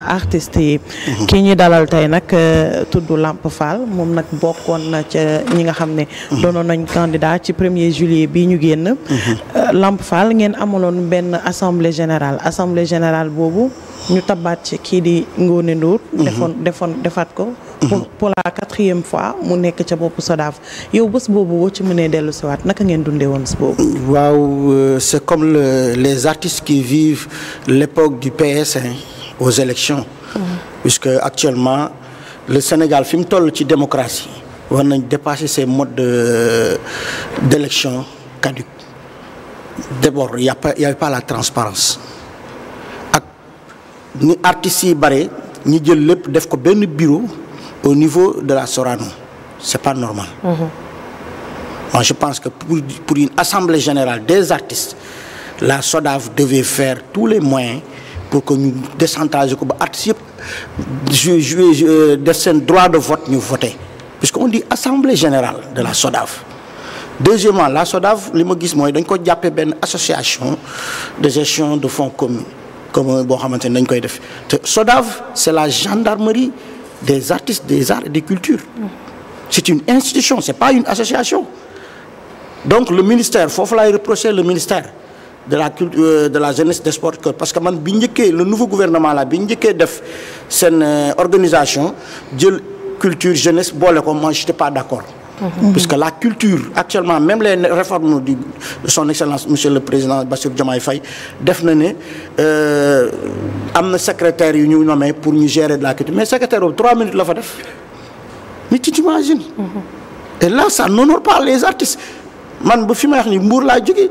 artiste yi mhm. ki ñuy dalal tey nag euh, tudd Lamp Fall moom nag bokkoon na ca ñi nga xam ne mhm. doonoon nañ candidat ci premier juillet bi ñu génn mhm. euh, Lamp Fall ngeen amaloon benn assemblée général assemblée général boobu ñu tabaat ci kii di Ngoné Ndour defoon defaat ko pour pour la quatrième fois mu nekk ca boppu Sodaaf yow bés boobu boo ci mënee dellu siwaat naka ngeen dundee woon bés boobu waaw euh, c'est comme les artistes qui vivent l'époque du PS aux élections mmh. puisque actuellement le Sénégal fi mu toll ci démocratie war nañ dépasser ces modes de d'élection caduques d'abord y a y a pas la transparence ak ni artistes yi bare ñu jël lépp def ko benn bureau au niveau de la Sorano c'est pas normal mm-hmm. je pense que pour pour une assemblée générale des artistes la SODAV devait faire tous les moyens pour que ñu décentraliser ko ba artistes yëpp ju joué euh, def seen droit de vote ñu voté puisque on dit assemblée générale de la SODAV deuxièmement la sodave li ma gis mooy dañ ko jàppee benn association de gestion de fonds commun commun boo xamante ne dañ koy def te SODAV c'est la gendarmerie des artistes des arts et des cultures c'est une institution c'est pas une association donc le ministère foofu laay reprocher le ministère de la culture euh, de la jeunesse des sports que parce que man bi njëkkee le nouveau gouvernement là bi njëkkee def seen euh, organisation jël culture jeunesse boole ko moi j'étais pas d'accord mhm. parce que la culture actuellement même les réformes du son excellence monsieur le président Bassirou Diomaye Faye def na ne euh, am na secrétaire yu ñu nommé pour ñu gérer de la culture mais secrétaire boobu trois minutes la fa def mais tu t'imagines mhm. et là sax n'honore pas les artistes man ba fi may wax ni mbuur laa jógee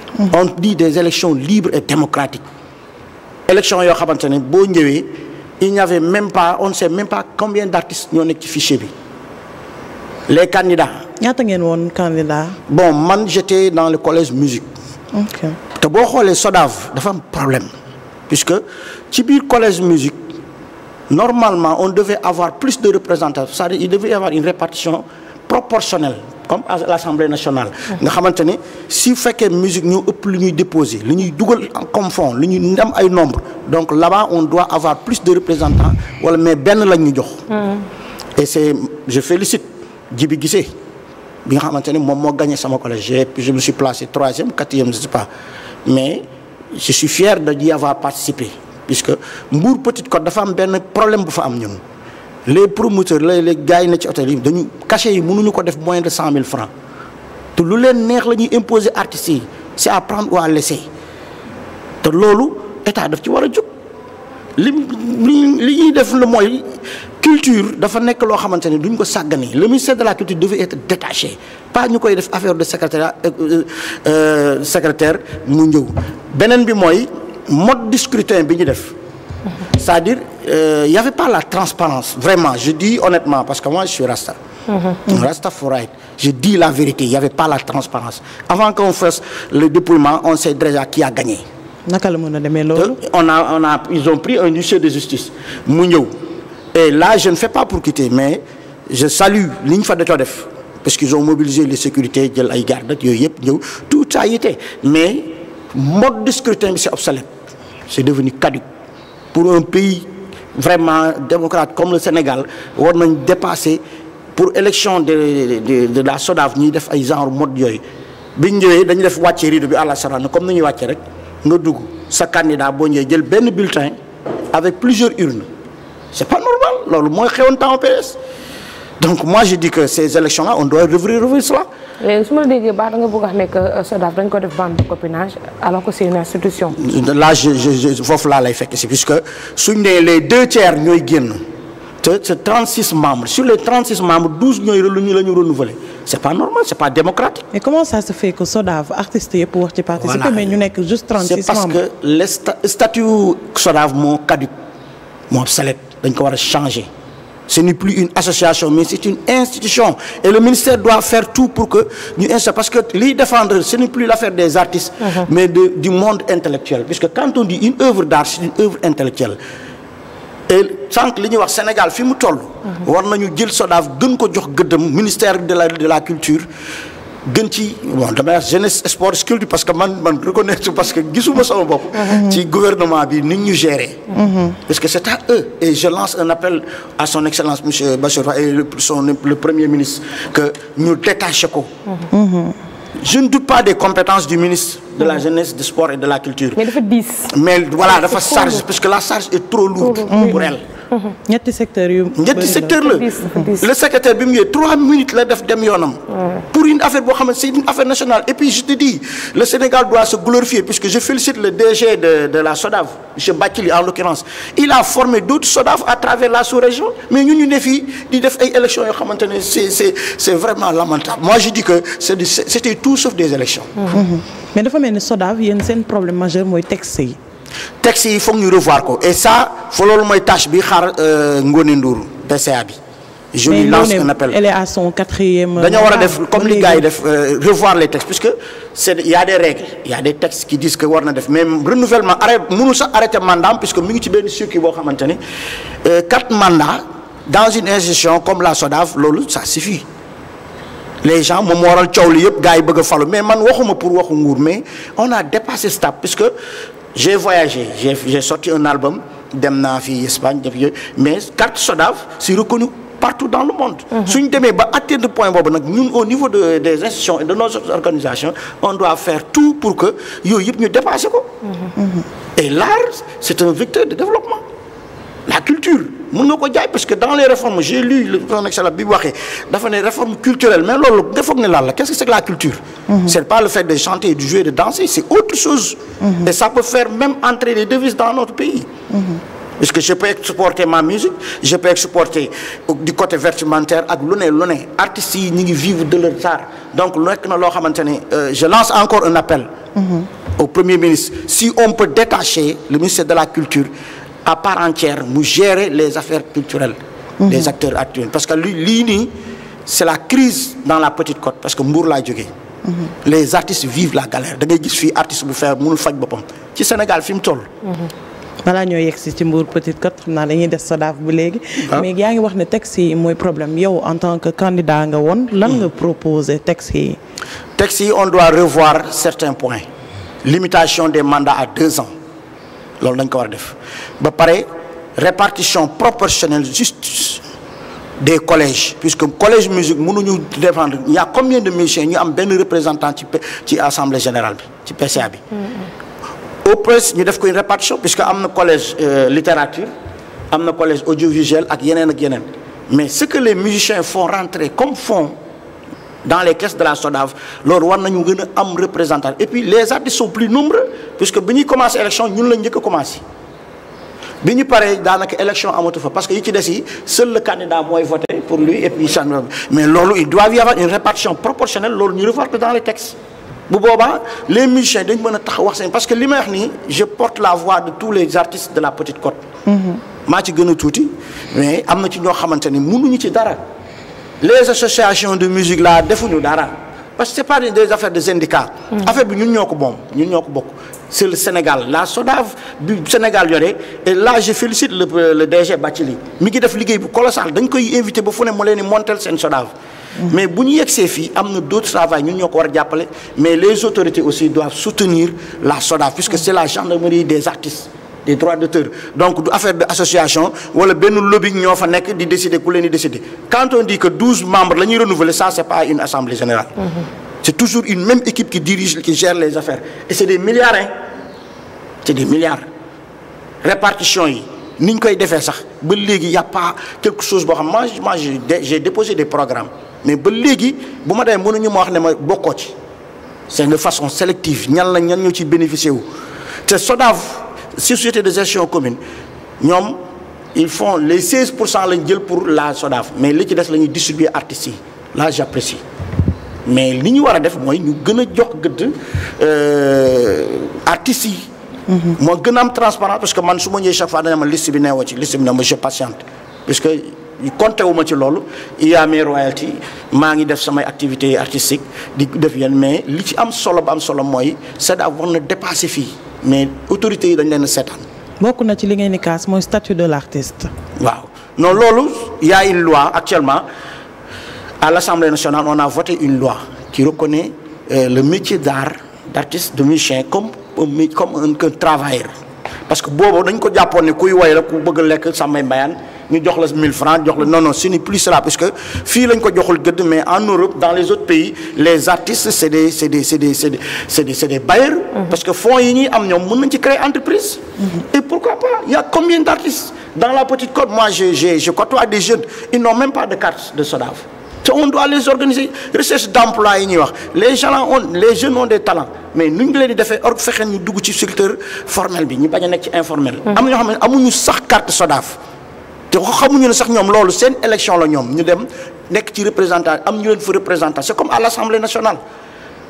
on dit des élections libres et démocratiques élections yoo xamante ne boo ñëwee il n'y avait même pas on ne sait même pas combien d'artistes ñoo nekk ci fichier bi les candidats. ñaata ngeen woon candidat. bon man jete dans le collège musique. ok te boo xoolee SODAV dafa am problème. puisque ci biir collège musique normalement on devait avoir plus de représentants cest à il devait avoir une répartition. proportionnel comme à l'Assemblée nationale. nga xamante ni si fekkee musique ñu ëpp lu ñuy déposer lu ñuy dugal comme fond lu ñuy ndam ay nombre donc là-bas on doit avoir plus de représentants wala mais benn lañ ñu jox. Mm. et c'est je félicite Djibi Guissé bi nga xamante ni moom moo gagné sama collège je me suis placé troisième quatrième je pas mais je suis fier de y avoir participé puisque Mbour Petite Côte dafa am benn problème bu fa am ñun. les promoteurs les les gars yi na ci hôtel yi dañu cachet yi mënuñu ko def moins de cent mille francs te lu leen neex la ñuy imposer artistes yi c'est à prendre ou à laisser te loolu état def ci war a jóg li li ñuy def la mooy culture dafa nekk loo xamante ne duñ ko sàgganee lu muy de la culture devait être détaché pas ñu koy def affaire de secrétaire euh, euh, secrétaire mu ñëw beneen bi mooy mode de bi ñu def. c'est-à-dire euh, il pas la transparence vraiment je dis honnêtement parce que moi je suis rasta mhm. mm-hmm. Rastafari je dis la vérité il y avait pas la transparence avant qu'on fasse le dépouillement on sait déjà qui a gagné la mën a demee loolu euh, on a on ils ont pris un huissier de justice mu ñëw et là je ne fais pas pour quitter mais je salue li ñu fa da def parce qu'ils ont mobilisé les sécurités jël ay garde yooyu yëpp ñëw tout ça y était mais mode de scrutin bi c'est c'est pour un pays vraiment démocrate comme le Sénégal war nañ dépasser pour élection de de de la SODAV ñuy def ay genre mode yooyu biñ ñëwee dañu def wàcce rideau bi à la sarane comme ni ñuy wàcce rek nga dugg sa candidat boo ñëwee jël benn bulletin avec plusieurs urnes c'est pas normal loolu mooy xewoon temps PS donc moi je dis que ces élections là on doit revoir revoir cela léegi su ma la déggee nga bëgg a wax ne euh, dañ ko def bande de copinage alors que c'est une institution. là je je laa lay fekk si puisque suñ nee les deux tiers ñooy génn te c'est 36 membres membres 12 ñooy ñu la ñu renouveler c'est pas normal c'est pas démocratique. mais comment ça se fait que SODAV artistes yëpp wax ci participer. mais ñu nekk juste 36 membres c'est parce que le statut SODAV moo caduc moo obsolète dañ ko war a changer. ce n'est plus une association mais c'est une institution et le ministère doit faire tout pour que ñu insta parce que liy défendre ce n'est plus l'affaire des artistes uh-huh. mais de, du monde intellectuel puisque quand on dit une œuvre d'art c'est une œuvre intellectuelle et sànq li ñuy wax Sénégal fi mu toll uh-huh. war nañu jël SODAV gën ko jox gëddëm ministère de la de la culture gën ci bon damay wax jeunesse sport culture parce que man reconnaître parce que gisuma sama bopp. Mhm. ci gouvernement bi ni ñu gérer. Mhm. parce que c'est à eux. et je lance un appel à son excellence monsieur Bassirou et le premier ministre que ñu détaché ko. Mhm. du ministre de la jeunesse du sport et de la culture. mais dafa diis. mais voilà parce que la charge est trop lourde pour elle. ñetti secteur le secrétaire bi mu trois minutes la def dem pour une affaire boo xam c'est une affaire nationale et puis je te dis le Sénégal doit se glorifier puisque je félicite le DG de la SODAV monsieur Bathily en l'occurrence il a formé d'autres SODAV à travers la sous-région mais ñun ñu ne def ay élections yoo c'est vraiment lamentable moi je dis que c'était tout sauf des élections mm-hmm. mais dafa mel ni SODAV yéen seen problème texte yi foog ñu revoir ko et ça fa loolu mooy tâche bi xaar euh, Ngone Ndour PCA bi. je lui lance un dañoo war a def comme li gars yi def euh, revoir les textes puisque c'est y a des règles y a des textes qui war na def mais renouvellement arrêté mënul sax arrêté mandat que mu ngi ci benn circuit boo xamante ni euh, quatre mandats dans une institution comme la SODAV loolu ça fi les gens moom waral coow li yëpp gars yi bëgg a falu mais man waxuma pour waxu nguur mais on a dépassé ce stade puisque. j'ai voyagé j'ai j'ai sorti un album dem naa fii Espagne def mais carte SODAV c'est reconnu partout dans le monde mhm. suñ demee ba atteindre point boobu nag ñun au niveau de des institutions et de nos organisations on doit faire tout pour que yooyu yëpp ñu dépassé ko mhm. Mhm. et l'art c'est un vecteur de développement la culture mën nga ko jaay parce que dans les réformes j'ai waxee dafa ne réforme culturelle mais loolu nga foog ne lan la qu'est-ce que c'est que la culture mm -hmm. c'est pas le fait de chanter de jouer de danser c'est autre chose mhm. et ça peut faire même entrer les devises dans notre pays mhm. parce que je peux exporter ma musique je peux exporter du côté vestimentaire ak lu ne lu ne artistes yi ñu ngi vivre de leur art donc nekk na loo xamante ne euh, je lance encore un appel mhm. au premier ministre si on peut détacher le ministère de la culture à part entière mu gérer les affaires culturelles mhm. des acteurs actuels parce que li lii nii c'est la crise dans la petite côte parce que Mbour laa jógee mhm. les artistes vivent la galère da ngay gis fii artiste bu feebar mënul faj boppam ci Sénégal fi mu toll mhm. balaa ñoo yegg si ci Mbour Petite Côte xam naa dañuy des SODAV bu léegi. Ah. mais yaa ngi wax ne texte yi mooy problème yow en tant que candidat nga woon. lan hmm. nga proposer texte yi. texte yi on doit revoir certains points limitation des mandats à deux loolu dañ ko war a def ba pare répartition proportionnelle juste des collèges puisque collège musique mënuñu défendre il y a combien de musiciens ñu am benn représentant ci ci assemblée générale bi ci PCA bi. Mm-hmm. au plus ñu def ko une répartition puisque am na collège euh, littérature am na collège audiovisuel ak yeneen ak yeneen mais ce que les musiciens font rentrer comme fonds dans les caisses de la SODAV loolu war ñu gën a am représentant et puis les artistes sont plus nombreux bi ñu paree daanaka élection amatu fa parce que yi ci des yi seul candidat mooy voté pour lui et puis sànni mais loolu il doit y une répartition proportionnelle loolu ñu revoir dans les textes. bu boobaa les musiciens dañ mën a tax wax seen parce que li may wax nii je porte la voix de tous les artistes de la Petite Côte. Mm-hmm. maa ci gën tuuti mais am na ci ñoo xamante ni mënuñu ci dara. les associations de musique là defuñu dara parce que c'est pas de syndicat. Mm-hmm. affaire bi ñun ñoo ko moom ñun ñoo c'est le Sénégal la SODAV bi Sénégal yore et là je félicite le euh, le DG Bathily mi ngi def liggéey bu colossal dañ koy invité ba fu ne mu leen di montel seen SODAV. mais bu ñu yegsee fii am na d'autres travail ñun ñoo ko war a jàppale mais les autorités aussi doivent soutenir la SODAV puisque c'est la gendarmerie des artistes. des droits d'auteur donc du affaire de association wala benn lobby ñoo fa nekk di décider ku leen di décider quand on la ñuy renouveler ça c'est pas c'est toujours une même équipe qui dirige qui gère les affaires et c'est des milliards hein c'est des milliards répartition yi ni koy defee sax ba léegi y a pas quelque chose boo xam moi moi j'ai déposé des programmes mais ba léegi bu ma demee mënuñu ma wax ne ma bokkoo ci c'est de façon sélective ñan la ñan ñoo ci bénéficier wu te SODAV société de gestion commune ñoom il font les 16 pour cent lañ jël pour la SODAV mais li ci des la ñuy distribuer artistes yi là j'apprécie mais li ñu war a def mooy ñu gën a jox gëdd euh, artistes yi. Mm-hmm. moo gën am transparent parce que man su ma ñëwee chaque fois dana ma liste bi neewoo ci liste bi ne ma je patiente puisque compté wu ci loolu y a maa ngi def samay activités artistiques di def yenn mais li ci am solo ba am solo mooy CEDAW war na dépasser fii mais autorités yi dañ leen a bokk na ci li ngeen di kaas mooy statut de l'artiste. waaw non loi actuellement. à l'Assemblée nationale, on a voté une loi qui reconnaît euh, le métier d'art, d'artiste, de musicien comme, un, travailleur. parce que boobu dañ ko jàppoon ne kuy woy la ku bëgg a lekk samay mbayaan ñu jox la 1000 francs jox la non non ce n'est plus cela parce que fii lañ ko joxul gëdd mais en Europe dans les autres pays les artistes c'est des c'est des c'est des c'est des c'est des mhm. parce que fonds yi ñuy am ñoom mën nañ ci créer entreprise. Mhm. et pourquoi pas y a combien d'artistes dans te on doit les organiser recherche d'emploi yi ñuy wax les gens ont les jeunes ont des talents mais nu ñu leen di defee or fexeen ñu dugg ci secteur formel bi ñu bañ a nekk ci informel. Mm. am ñoo xam ne amuñu sax carte SODAV. te xamuñu ne sax ñoom loolu seen élection la ñoom ñu dem nekk ci représentant am ñu leen fa représentant c'est comme à l'Assemblée nationale.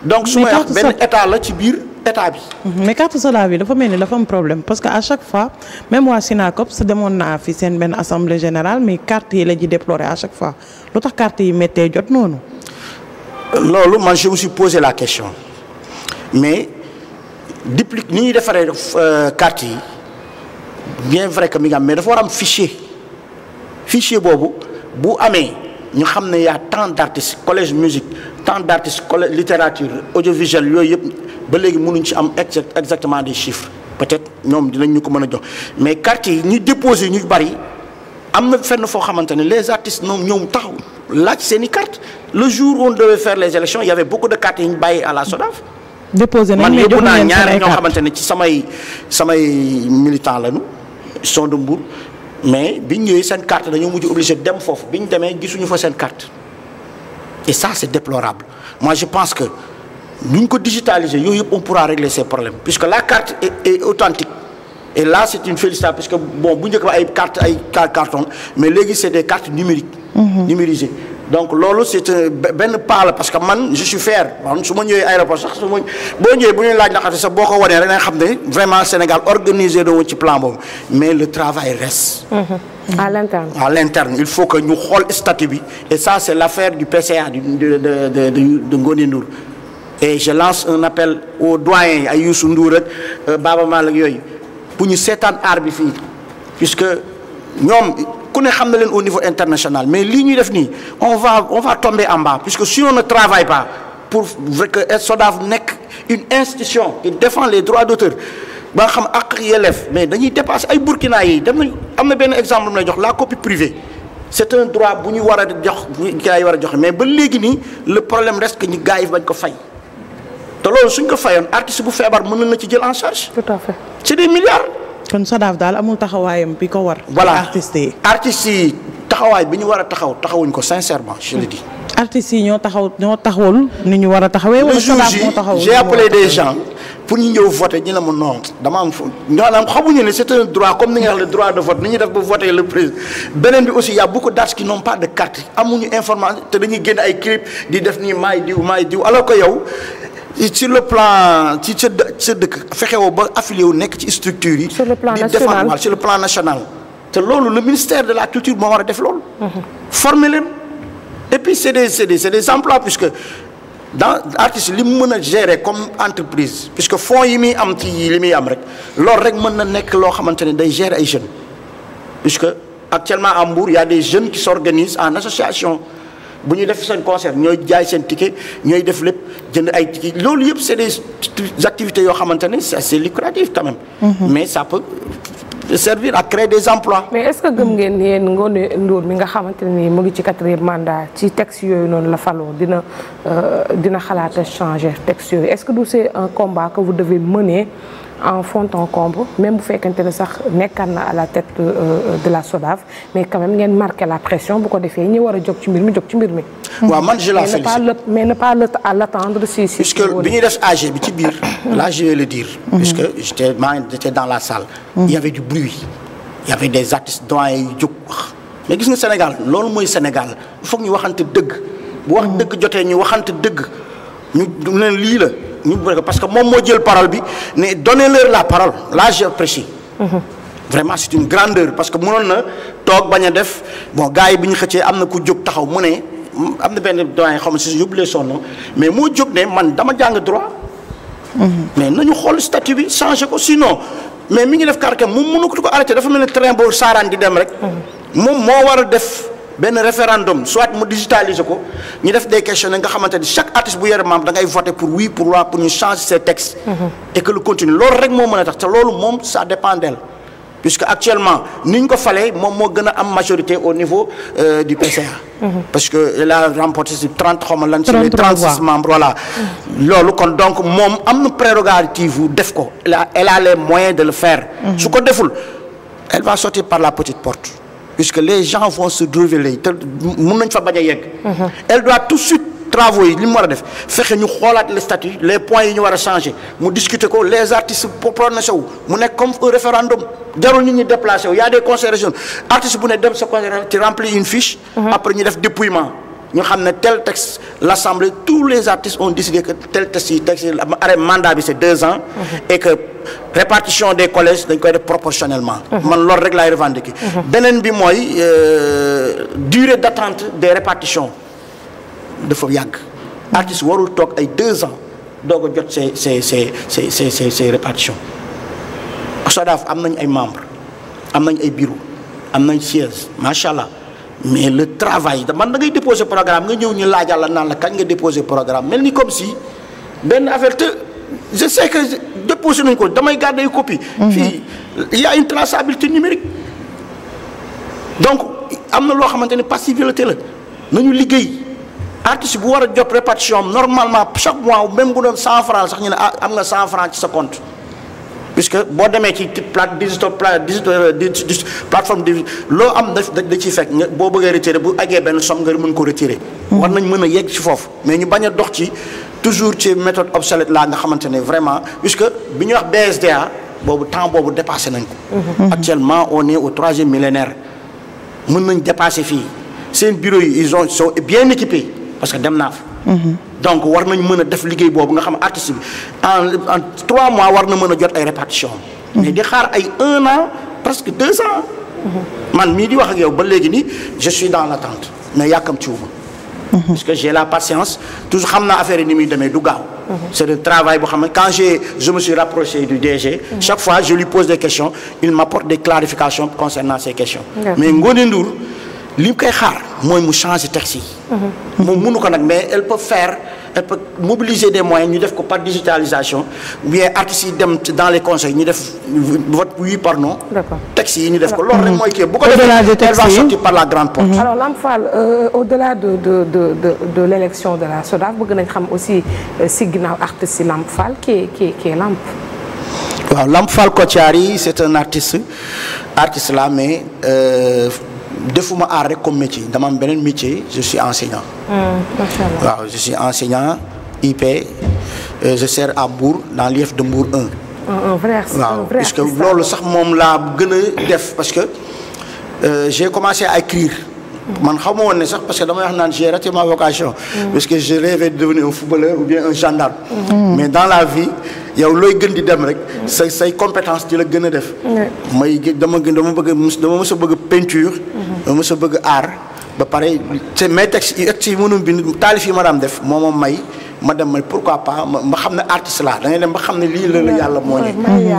donc su may wax benn état la ci biir état bi. mais carte Sodav bi dafa mel ni dafa am problème parce que à chaque fois même waa SYNACOPS demoon naa fi seen benn assemblée générale mais carte yi la ji déplorer à chaque fois lu tax carte yi méttee jot noonu. loolu man je me la question mais dupli ni ñuy defaree euh, carte yi bien vrai que mi nga am mais dafa war am fichier fichier boobu bu amee ñu xam ne y a tant collège musique. tant d' artistes littérature audiovisuel yooyu yëpp ba léegi mënuñ ci am exactement des chiffres peut-être ñoom dinañ ñu ko mën a jox mais quartier yi ñu déposé ñu bari am na fenn foo xamante ne les artistes ñoom ñoom taxaw laaj seen i carte le jour où on devait faire les élections il y avait beaucoup de yi ñu bàyyi à la SODAV. déposé nañ mais joxuñ leen man yóbbu naa ñaar ñoo xamante ne ci samay samay militant lañu sont de Mbour mais ñu ñëwee seen carte dañoo mujj obligé dem foofu biñ demee gisuñu fa seen carte. et ça c'est déplorable moi je pense que nu ñu ko digitaliser yooyu yëpp on pourra régler ces problèmes puisque la carte est, est authentique et là c'est une félicitation parce que bon bu njëkk ba ay carte ay carton mais léegi c'est des cartes numériques mhm. numérisées donc loolu c'est benn pas la parce que man je suis fier man ma ñëwee aéroport sax su ma boo ñëwee bu ñu laaj ndax ko wanee rek nga xam ne vraiment Sénégal organisé na woon ci plan boobu mais le travail reste. Mhm. à l'interne à il faut que ñu xool statut bi et ça c'est l'affaire du PCA du de de de et je lance un appel aux doyens ay Youssou Ndour ak euh, Baba Maal yooyu pour ñu seetaan aar bi fii puisque ñoom ku ne xam na leen au niveau international mais lii ñuy def nii on va on va tomber en bas puisque si on ne travaille pas pour que SODAV nekk une institution qui défend les droits d'auteur ba xam ak yelleef mais dañuy dépassé ay burkina yi dem nañ am na benn exemple mu lay jox la copie privée c'est un droit bu ñu war a jox gars yi war a joxe mais ba léegi nii le problème reste que ñu gars yi bañ ko fay te loolu suñ ko fayoon artiste bu feebar mën na ci jël en charge. tout à fait c'est des milliards. kon SODAV daal amul taxawaayam bi ko war. voilà artistes yi artistes yi taxawaay bi ñu war a taxaw taxawuñ ko sincèrement je le dis. artistes yi ñoo taxaw ñoo taxawul ni ñu war a taxawee. wala SODAV moo taxawul j'ai appelé des pour ñu ñëw voté ñu la ma non dama am xamuñu ne c'est un droit comme ni nga wax le droit de vote ni ñuy def ba voté le président beneen bi aussi y a beaucoup d'artistes qui n'ont pas de carte amuñu information te dañuy génn ay clip di def nii maay diw maay diw alors que yow sur le plan ci sa ba affilié wu nekk ci structure yi. sur le plan national te loolu le ministère de la culture moo war a def loolu. Mm-hmm. former et puis c'est des c'est des c'est des emplois puisque. dans artiste li mu mën a gérer comme entreprise puisque fonds yi muy am ci li muy am rek loolu rek mën na nekk loo xamante ne day gérer ay jeunes puisque actuellement à Mbour y a des jeunes qui s'organisent en association bu ñu def seen concert ñooy jaay seen ticket ñooy def lépp jënd ay ticket loolu yëpp c'est des activités yoo xamante ne c'est lucratif quand même mm-hmm. mais ça peut de servir à créer des emplois. mais est-ce que gëm ngeen ne yéen Ngoné mi nga xamante nii mu ngi ci quatrième mandat ci texte yooyu noonu la faloo dina euh, dina xalaat changer texte yooyu est-ce que du c'est un combat que vous devez mener. en fond en comble même bu fekkante ne sax nekkaan na à la tête euh, euh, de la SODAV mais quand même ngeen marqué la pression bu ko defee ñi war a jóg ci mbir mi jóg ci mbir mi. waaw man je la félicite mais ne pas bi ñuy def AG bi ci biir. là je vais le dire. Mm-hmm. puisque j'étais maa ngi j'étais dans la salle. Mm-hmm. il y avait du bruit. il y avait des artistes doyens mais gis nga Sénégal loolu mooy Sénégal il faut ñu waxante dëgg. bu wax mm-hmm. dëgg jotee ñu waxante dëgg ñu leen lii la. ñu parce que moom moo jël parole bi ne donnez-leur la parole là j'apprécie mhm. vraiment c'est une grandeur parce que mënoon na toog bañ a def bon gars bi ñu xëccee am na ku jóg taxaw mu ne am na benn doyen xaw ma si yóbbulee sonn mais moo jóg ne man dama jàng droit. Mhm. mais nañu xool statut bi changé ko sinon mais mi ngi def caractère moom mënu ko arrêté dafa mel ne train saaraan di dem rek. Mhm. moom moo war a def. benn référendum soit mu digitaliser ko ñu def des questions nga xamante ni chaque artiste bu yore membre da ngay pour oui pour loi pour ñu changer ses textes. Mhm. et que lu continue loolu rek moo mën a tax te loolu moom ça dépend d'elle puisque actuellement ni ñu ko falee moom moo gën a am majorité au niveau euh, du PCA. Mhm. parce que elle a remporté si 30 xaw ma lan. 33 sur les 36 membres mhm. loolu kon donc moom am na prérogative yu def ko elle a elle a les de le faire. su ko deful elle va puisque les gens vont se révéler te nañ fa bañ a yegg. Mhm. elle doit tout suite travaux yi mu war a def fexe ñu xoolaat les statuts les points yi ñu war a changer mu discuter ko les artistes prononcé mu nekk comme référendum jarul nit ñi déplacé wu y a des conseils bu ne dem sa conseil ci remplir une fiche. Mhm. après ñu def dépouillement. ñu xam ne tel texte l'assemblée tous les artistes ont décidé que tel texte yi texte yi arrêt mandat bi c'est ans mhm. et que répartition des collège dañ koy def proportionnellement mhm. man loolu rek laay revendiquer mhm. beneen bi mooy euh, durée d'attente des répartitions dafa yàgg artiste warul toog ay deux ans doog a jot ces ces ces ces ces ces ces répartitions SODAV am nañ ay membres am nañ ay bureaux am nañ siège macha allah. mais le travail man da ngay déposer programme nga ñëw ñu laajal la naan la kañ nga déposer programme mel ni comme si benn affaire te je sais que déposé nañ ko damay garder copie. Mhm. fii y a une traçabilité numérique. donc am na loo xamante ne passivité la nañu liggéey artiste bu war a jot répartition normalement chaque mois même bu doon 100 francs sax ñu ne ah am nga 100 francs ci sa conte puisque boo demee ci plate digital euh, plateforme di loo am da da ciy fekk boo bëggee retiré bu agee benn somme nga mën ko retiré. Hmm. war nañ mën a yegg ci foofu mais ñu bañ a dox ci toujours ci méthode obsolète laa nga xamante vraiment puisque bi ñuy wax BSDA boobu temps boobu dépassé nañ ko. Hmm. Hmm. actuellement on est au troisième millénaire mën nañ dépassé fii seen bureau yi ils ont sont bien équipés parce que dem naa fa. donc war nañ mën a def liggéey boobu nga xam artiste bi en en trois mois war na mën a jot ay répartition mhm. mais di xaar ay un an presque deux ans. Mhm. man mii di wax ak yow ba léegi nii je suis dans l'attente mais yàkkamtiwuma mhm. parce que j'ai la patience toujours xam naa affaire ni muy demee du gaaw. c'est le travail boo xam ne quand j'ai je me suis rapproché du DG. chaque fois je lui pose des questions il m'apporte des clarifications concernant ces questions. mais li koy xaar mooy mu change texte yi. Mhm. moom mënu ko nag mais elle peut faire elle peut mobiliser des moyens ñu def ko par digitalisation bien artistes yi dem dans les conseils ñu def vote oui par non. d'accord ñu def ko loolu rek mhm. mooy kii bu ko defee va sortir par la grande porte. alors Lamp Fall euh, au-delà de de de de de l'élection de la SODAV bëgg nañ xam aussi euh, si ginnaaw artistes yi Lamp Fall kii kii kii Lamp. waaw Lamp Fall Kotiari c'est un artiste artiste mais. Euh, defuma art rek métier dama am métier je suis enseignant. Hmm, waaw je suis enseignant IP euh, je sers à Mbour dans l'IEF de Mbour 1. un vrai waaw parce que loolu sax moom laa gën a def parce que euh, j'ai commencé à écrire. man xaw ma woon ne sax parce que damay wax naan j'ai raté ma vocation. Mm. parce que je rêvais de devenir un footballeur ou bien un gendarme. Mm. mais dans la vie yow looy gën di dem rek. Mm. say say compétence di la gën a def. may dama gën dama bëgg dama mës a bëgg peinture. Mm-hmm. dama mës bëgg aar ba pare te mes textes yi yi mënum bind taalif yi ma daan def moo ma may. ma dem ma pourquoi pas ma xam ne artiste laa da ngay dem ba xam ne lii la la yàlla moo ne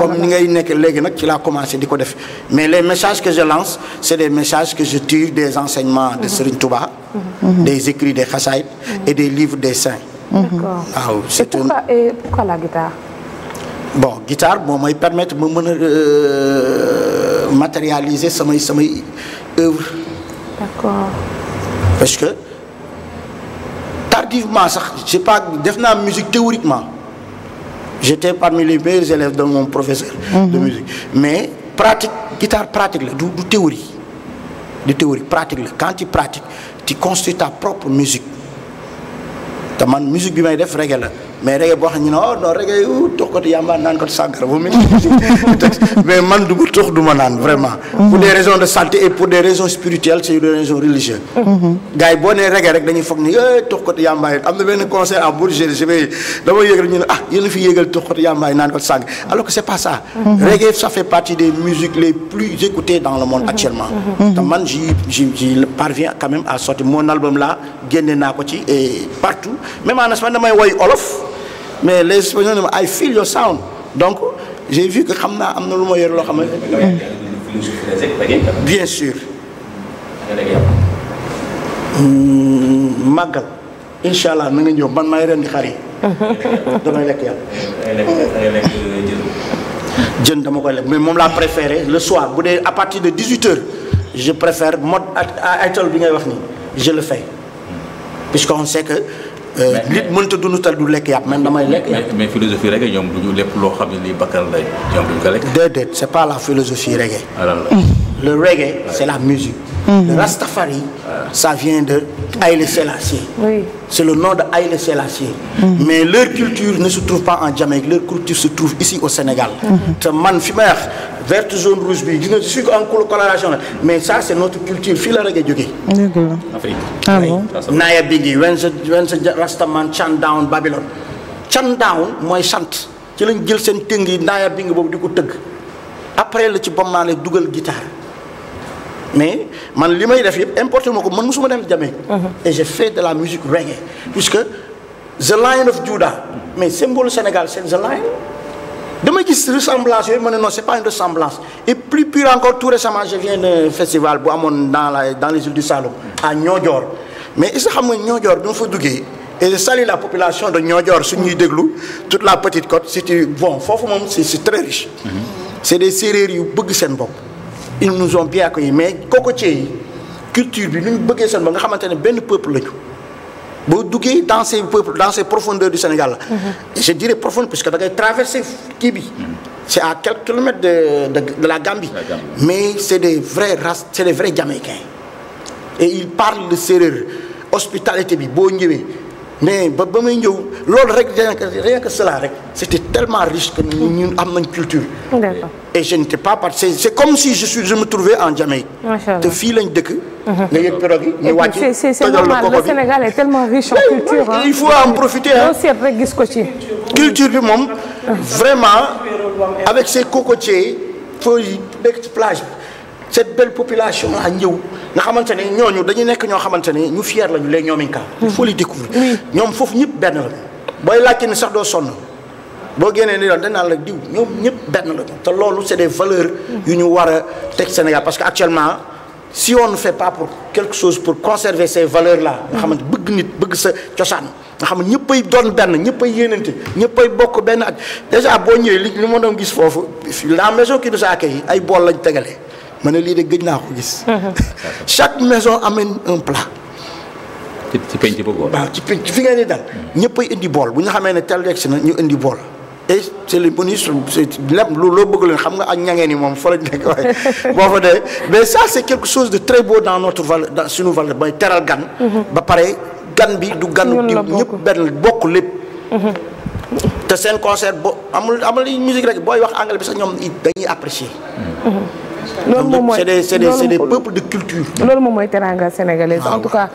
comme ni ngay nekk léegi nag ci laa commencé di ko def mais les messages que je lance c'est des messages que je tire des enseignements de Serigne Touba des écrits des xasaayid et des livres des saints waaw c'est pourquoi et pourquoi guitare bon moo may permettre ma mën a euh, matérialiser samay samay œuvre parce que tardivement sax je pas def naa musique théoriquement j'étais parmi les meilleurs élèves de mon professeur mm de mhm. musique mais pratique guitare pratique la du du théorie du théorie pratique la quand tu pratiques tu construis ta propre musique te man musique bi may def reggae mais reggae boo xam ne naan ko sàngara mais man du bu tux du ma naan vraiment. pour des raisons de santé et pour des raisons spirituelles c'est des raisons religieuses. gars boo nee reggae rek dañuy foog ni eh tux ko yamba am na benn concert à Bourges je vais dama yëg rek ñu ne ah yéen a fi yëgal tux ko yamba naan ko sàngara alors que c'est pas ça. reggae ça fait partie des musiques les plus écoutées dans le monde actuellement. Mm-hmm. man j'y j'y génne naa ko ci e partout même en Espagne damay woy olof mais les espagnols ne ma I feel your sound donc j'ai vu que xam naa am na lu ma yor loo xam ne. bien sûr. Hmm, màggal incha allah ñëw man maay rendi xar yi. damay lekk yàlla. jën dama koy lekk mais moom laa préféré le soir bu dee à partir de 18 heures je préfère mode ak ay tool bi ngay wax nii je le fais. puisqu'on sait que. Euh, nit mënta dund tal du lekk yàpp même damay lekk yàpp. mais philosophie reggae ñoom du lépp loo xam ne lii bakkan lay ñoom du ñu ko lekk. déedéet c'est pas la philosophie reggae. le reggae, c'est la musique. Mm -hmm. Le Rastafari, ça vient de Haïlé Sélassié. Oui. C'est le nom de Haïlé Sélassié. Mm Mais leur culture ne se trouve pas en Jamaïque, leur culture se trouve ici au Sénégal. Mhm. te man fi may wax verte jaune bi dina ko en collaboration la mais ça c'est notre culture fii la reggae jógee. dëgg la. naaya bi ngi when sa when rastaman chant Babylon chant mooy chant ci lañ jël seen tëng yi naaya bi ngi boobu di ko tëgg après la ci bom naa dugal guitare. mais man li may def yëpp importé ma ko man musuma dem jamee uh-huh. et j'ai fait de la musique reggae puisque The Lion of Judah mais symbole Sénégal c'est The Lion damay gis ressemblance yooyu ma no non c'est pas une ressemblance et plus pire encore tout récemment je viens de festival bu amoon dans les îles du Saloum à Niodior mais est-ce que xam nga Niodior bi ma fa duggee et je salue la population de Niodior suñuy déglu toute la petite côte c'est bon foofu moom c'est c'est très riche mm-hmm. yu bëgg seen bopp ils nous ont bien accueillis mais cocotier yi culture bi nu ñu bëggee seen ba nga xamante ne benn peuple lañu boo duggee dans ces peuples dans ces profondeurs du Sénégal la. Mm-hmm. je dirais parce que da ngay traverser kii bi. Mm-hmm. c' est à quelques kilomètres de de la Gambie. mais c' est des vrais races c' est des et ils parlent le sérère hospitalité bi boo ñëwee. mais ba ba may ñëw loolu rek rien que cela rek c' était tellement riche que mm-hmm. ñun am nañ culture. et je n' étais pas parti c' est comme si je suis me trouvais en Jamaïque. macha allah te fii lañ dëkk. Mm-hmm. nga yëg pirogue yi ñu wàcc. tojal la le Sénégal est tellement riche en culture hein? il faut en mm-hmm. profiter ah. seet culture bi moom. vraiment avec ces cocotiers feuilles yi de ci plage bi. cette belle population là ñëw nga xamante ne ñooñu dañu nekk ñoo xamante ne ñu fier lañu les ñoominka il faut les ñoom foofu ñëpp benn la booy laajte sax doo sonn boo génnee ni doon danaa la diw ñoom ñëpp benn la te loolu c'est des valeurs yu ñu war a teg Sénégal parce que actuellement si on ne fait pas pour quelque chose pour conserver ces valeurs là nga xamante bëgg nit bëgg sa cosaan nga xam ne ñëppay doon benn ñëppay yéenante ñëppay bokk benn ak déjà boo ñëwee li li ma doon gis foofu la maison qui nous a bool lañ tegalee ma ne lii de gëj naa ko gis. chaque maison amène un plat. ci ci penc boobu waaw ci penc fi ngeen di dal. ñëpp indi bool bu ñu xamee ne tel rek na ñu indi bool. et c' est le bonus c' loo bëgg leen xam nga ak ñangeen yi moom fa lañ nekk waaye boo fa dee mais ça c' est quelque chose de très beau dans notre valeur dans suñu valeur bay teral gan. Mhm. ba pare gan bi du ganu diw ñëpp benn bokk lépp. Mhm. te seen concert bo amul amul musique rek booy wax anglais bi sax ñoom dañuy apprécier. Mhm. loolu moom mooy c'est des c'est des peuples de moom mooy teranga sénégalaise ah en tout cas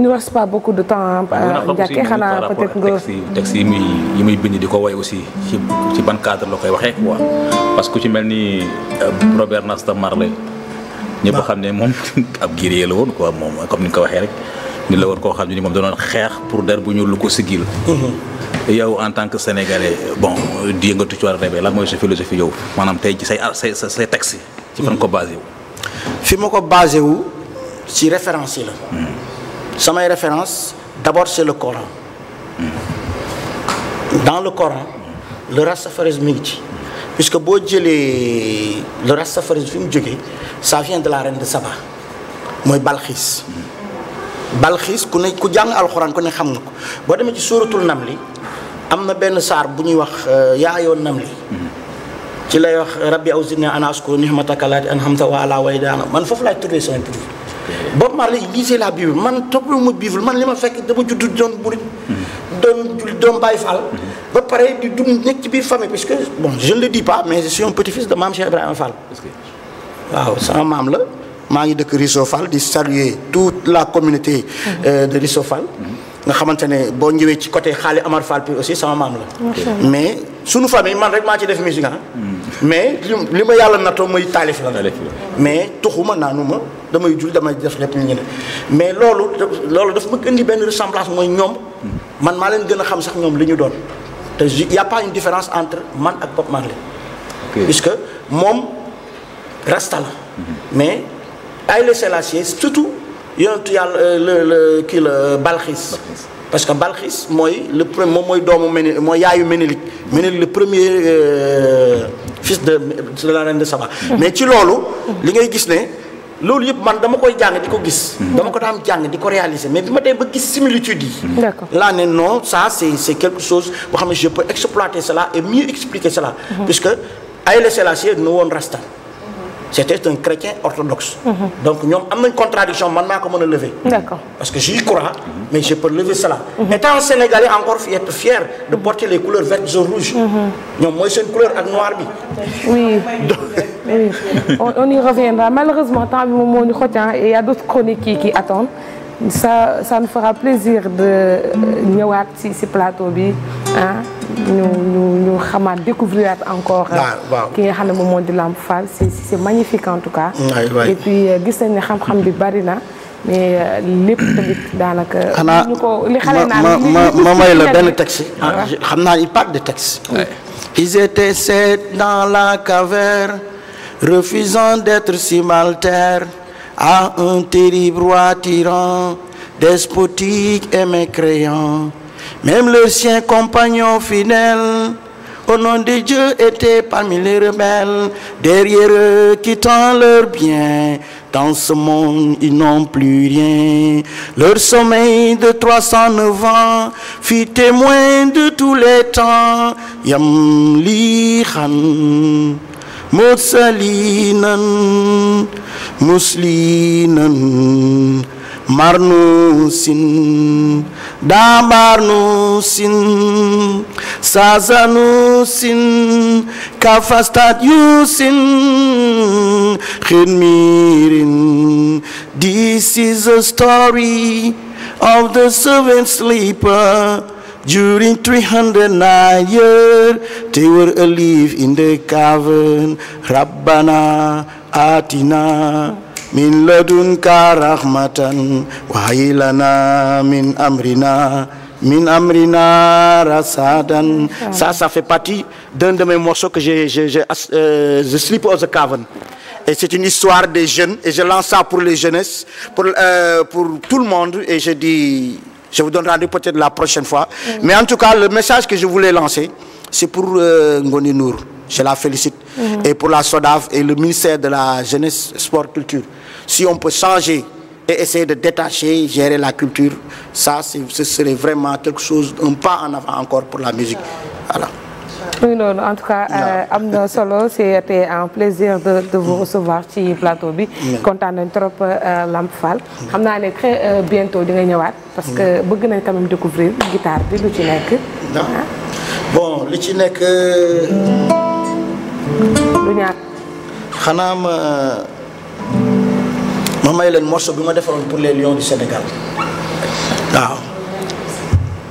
ñu euh, wax beaucoup de temps. Euh, Ndiakhé xanaa peut-être nga. texte yi muy yi muy bind di ko woy aussi ci ci ban cadre la koy waxee quoi parce que ku ci mel ni euh, Robert Nesta Marley. ñëpp xam ne moom ab guerrier la woon quoi moom comme ni nga ko waxee rek. ni la woon koo xam ne ni moom danoon xeex pour der bu ñuul lu ko sigil. Mm-hmm. yow en tant que sénégalais bon di yëngatu ci war a lan mooy sa philosophie yow maanaam tey ci say say say taxi. ci fan ko basé wu. fi ma ko basé wu ci référence yi la. samay référence d'abord c'est le Coran. dans le Coran le rastafarisme mi ngi ci. puisque boo jëlee le rastafarisme fi mu jógee sa vient de la reine de Saba mooy Balxiis. Balxiis ku ne ku jàng alxuraan ku ne xam nga ko boo demee ci suuratul li am na benn saar bu ñuy wax euh, yaa ayoon Namli. ci lay wax rabbi awzidni an ashkura ni'mataka allati an'amta ala waliya man foofu laay trouvé sama la man topplu ma Bible man li ma fekk dama judd ba pare di dund ci biir famille parce que bon je de Maam Cheikh Ibrahima sama maam la maa ngi dëkk Risso di saluer toute la communauté mhm. euh, de mhm. nga xamante ne boo ñëwee ci côté xaali Amar Fall puis aussi sama maam la mais suñu famille man rek maa ci def musique ah. hmm. mais li ma yàlla nattoo mooy taalif la mais tuxuma naanuma damay jul damay def lépp ñu ne mais loolu loolu daf ma indi benn ressemblance mooy ñoom hmm. man maa leen gën a xam sax ñoom li ñu doon te y a une différence entre man ak Bob Marley puisque moom rasta la hmm. mais Haïlé Sélassié surtout yonentu yàlla euh, le le kii la Balxiis parce que Balxiis mooy le premier moom mooy doomu Ménélik mooy yaayu Ménélik Ménélik le premier euh, fils de de la reine de Saba. mais ci loolu. li ngay gis ne loolu yëpp man dama koy jàng di ko gis. dama ko daan jàng di ko réaliser mais bi ma dee ba gis similitude yi. d'accord laa ne non ça c'est quelque chose boo xam ne je peux exploiter cela et mieux expliquer cela. Mhm. puisque Haïlé Sélassié nu woon Rasta. c'était un chrétien orthodoxe. Mhm. donc ñoom am nañ contradiction man maa ko mën a lever. d'accord parce que j'y crois mhm. mais je peux lever cela. Mhm. étant sénégalais encore être fier de porter les couleurs vertes et rouges. ñoom mooy seen couleur ak noir bi. oui oui on y reviendra malheureusement temps bi moom moo ñu xoj et il y a d'autres chroniques yi qui attendent. ça ça nous fera plaisir de ñëwaat ci ci plateau bi ah ñu ñu ñu xamaat découvrir encore. ki nga xam ne moom moo di Lamp Fall c'est c'est magnifique en tout cas. et puis euh, gis nañ ne xam-xam bi bari na. mais euh, lépp tamit daanaka. xanaa li xale naa ma ma la benn texte. Ah, ah, xam naa il de texte. ils étaient sept dans la caverne refusant d'être si malter à un terrible roi tyran, despotique et mécréant. Même leurs siens compagnons fidèles, au nom de Dieu, étaient parmi les rebelles, derrière eux, quittant leurs biens. Dans ce monde, ils n'ont plus rien. Leur sommeil de ans fut témoin de tous les temps. Yamlihan, مسلينا مرنوس دا مرنوس سازنوس كفستات يوس خدمير This is the story of the servant sleeper During 309 years, they were alive in the cavern. Rabbana, آتنا من لدنك رحمة وهي لنا من أمرنا min amrina rasadan ça ça fait partie d'un de mes morceaux que j'ai j'ai j'ai euh, The Sleep of the Cavern et c'est une histoire des jeunes et je lance ça pour les jeunesses pour euh, pour tout le monde et je dis je vous donne rendez-vous peut-être la prochaine fois mm. mais en tout cas le message que je voulais lancer c'est pour euh, Ngoni nur je la félicite mhm. et pour la SODAV et le ministère de la jeunesse sport culture si on peut changer et essayer de détacher gérer la culture ça ce serait vraiment quelque chose un pas en avant encore pour la musique voilà oui noonu en tout cas euh, am na solo c'était un plaisir de de vous recevoir ci plateau bi. kontaan nañ trop euh, Lamp Fall. xam naa ne très bientôt di nga ñëwaat. parce que bëgg nañ quand même découvrir guitare bi lu ci nekk. bon li ci nekk. du euh, xanaa ma ma may leen morceau bi ma defaroon pour les lions du Sénégal waaw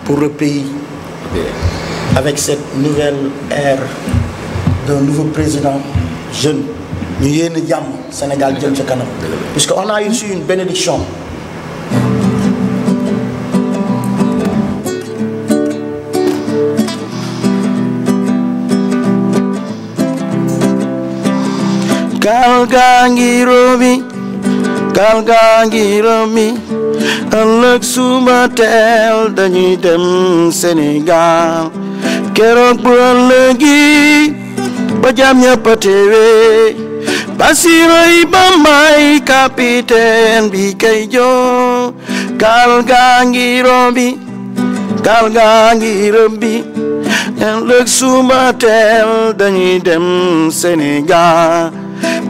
pour le pays avec cette nouvelle ère d'un nouveau président jeune ñu yéen jàmm Sénégal jëm ca kanam. parce que on a reçu une bénédiction. kalga ngi romi gaa ngi romi ëllëg suba teel dañuy dem Sénégal keroog bu ëllëgi ba jam ñëpp a teewee Basiru yi Bambaay capitaine bi kay joo kalga ngi romi kalga ngi romi ëllëg suba teel dañuy dem Sénégal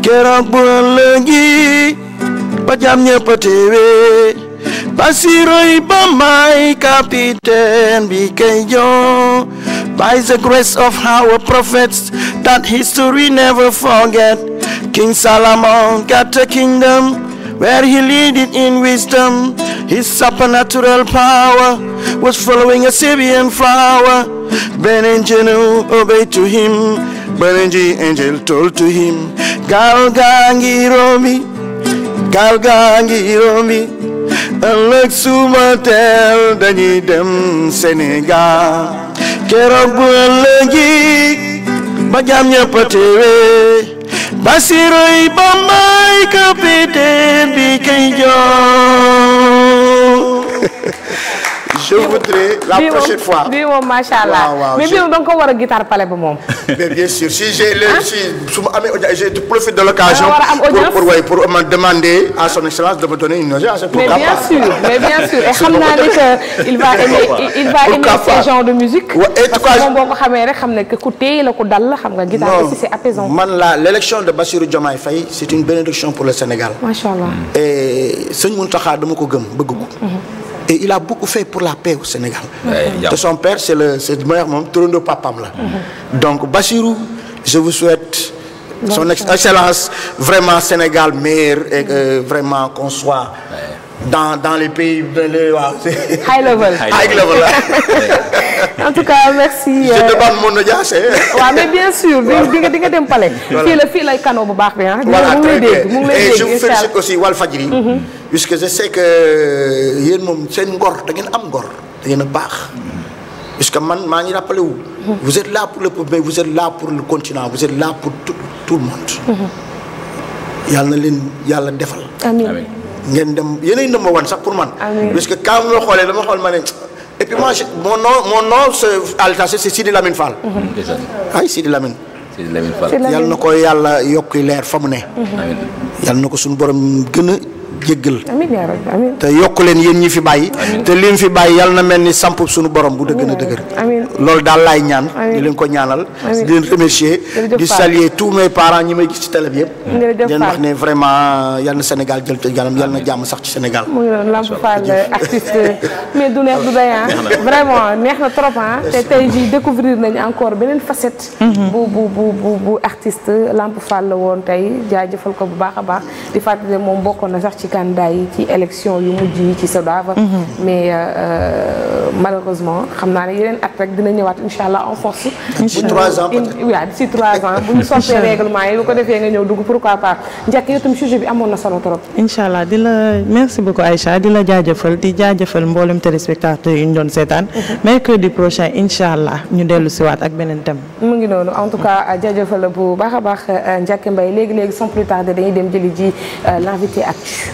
keroog bu ëllëgi ba jam ñëpp a teewee Basiru by the grace of our prophets that history never forget King Solomon got a kingdom where he leaded in wisdom. His supernatural power was following a Syrian flower. Ben obeyed to him. Benenji angel told to him, gaal gaa ngi rombi gaal gaa ngi rombi ëllëg suma teel dañuy dem Sénégal keroog bu ëllëgi ba jàmm ñëpp a teewe Basiroy Bambay capitaine bi kay jox je voudrais la prochaine fois. bii moom macha mais bii moom da ko war a guitare palais ba moom. mais bien sûr si j'ai le si su ma amee audience je profite de l'occasion pour pour way pour me demander à son excellence de me donner mais bien sûr mais xam naa ne que il va aimer il va aimer ce genre de musique. parce moom boo ko xamee rek xam ne que ku téye la ku dal la xam nga. guitare aussi c'est apaisant. man la l'élection de Bassirou Diomaye Faye c'est une bénédiction pour le Sénégal. macha allah et sëñ Mountakha dama ko gëm bëgg ko. Mhm. et il a beaucoup fait pour la paix au Sénégal. te son père c'est le c'est le meilleur moom turando papam la. Mhm. donc Bassirou je vous souhaite. son excellence vraiment Sénégal meilleur et que mhm. vraiment qu'on soit. dans dans les pays de l' waaw. high level high level en tout cas merci. je euh, bien sûr. di nga dem palais. fii la fii lay canot bu baax bi ah. voilà très bien mu ngi lay mu ngi lay dégg et je vous félicite aussi Walfadjri. Mm-hmm. je sais que euh, yéen moom seen ngor da ngeen am ngor da ngeen a baax. Mm-hmm. puisque man maa ngi rappelé wu. Mm-hmm. vous êtes là pour le peuple mais pour le continent vous êtes là pour tout tout monde. yàlla na leen yàlla defal. amiin ngeen dem yéenay number one sax pour man. amiin puisque quand ma xoolee dama xool ma ne. Et puis moi, je, mon nom, mon nom c'est ay mhm. mhm. ah, Sidi Lamine. Sidi Lamine yal na ko yàlla yokk leer fa mu ne. Mhm. yal na ko suñu borom gën a jéggal. te yokk leen yéen ñi fi bàyyi. te lim fi bàyyi yal na mel ni samp suñu borom bu dëgg na dëgër. loolu daal laay ñaan. di leen ko ñaanal. di leen remercier. di saluer tous mes parents ñi may gis ci télé bi yëpp. wax ne vraiment euh, yal na Sénégal jël te yàlla yal na jàmm sax ci Sénégal. mu ngi doon Lamp Fall euh, artiste mais du neex du day vraiment neex na trop ah. te tey jii découvrir nañu encore beneen facette. Mhm. bu bu bu bu artiste Lamp Fall la woon tey jaajëfal ko bu baax a baax di fàttali ne moom bokkoon sax ci candidat ci élection yu mujj yi ci SODAV. Mhm. mais euh, malheureusement xam naa ne yeneen ñëwaat incha allah en force. incha allah bu ñu soppee règlement yi ko defee nga ñëw dugg pourquoi pas njëkk yow tam sujet bi amoon na solo trop. incha allah di la merci beaucoup Aïcha di la jaajëfal di jaajëfal mboolem téléspectateurs yi ñu doon seetaan. Mhm. mercredi prochain incha allah ñu dellu si waat ak beneen thème. mu ngi noonu en tout cas a la bu baax a baax Ndiakhou Mbaye léegi léegi sans plus tarder dañuy dem jëli ji euh, l'invité actu.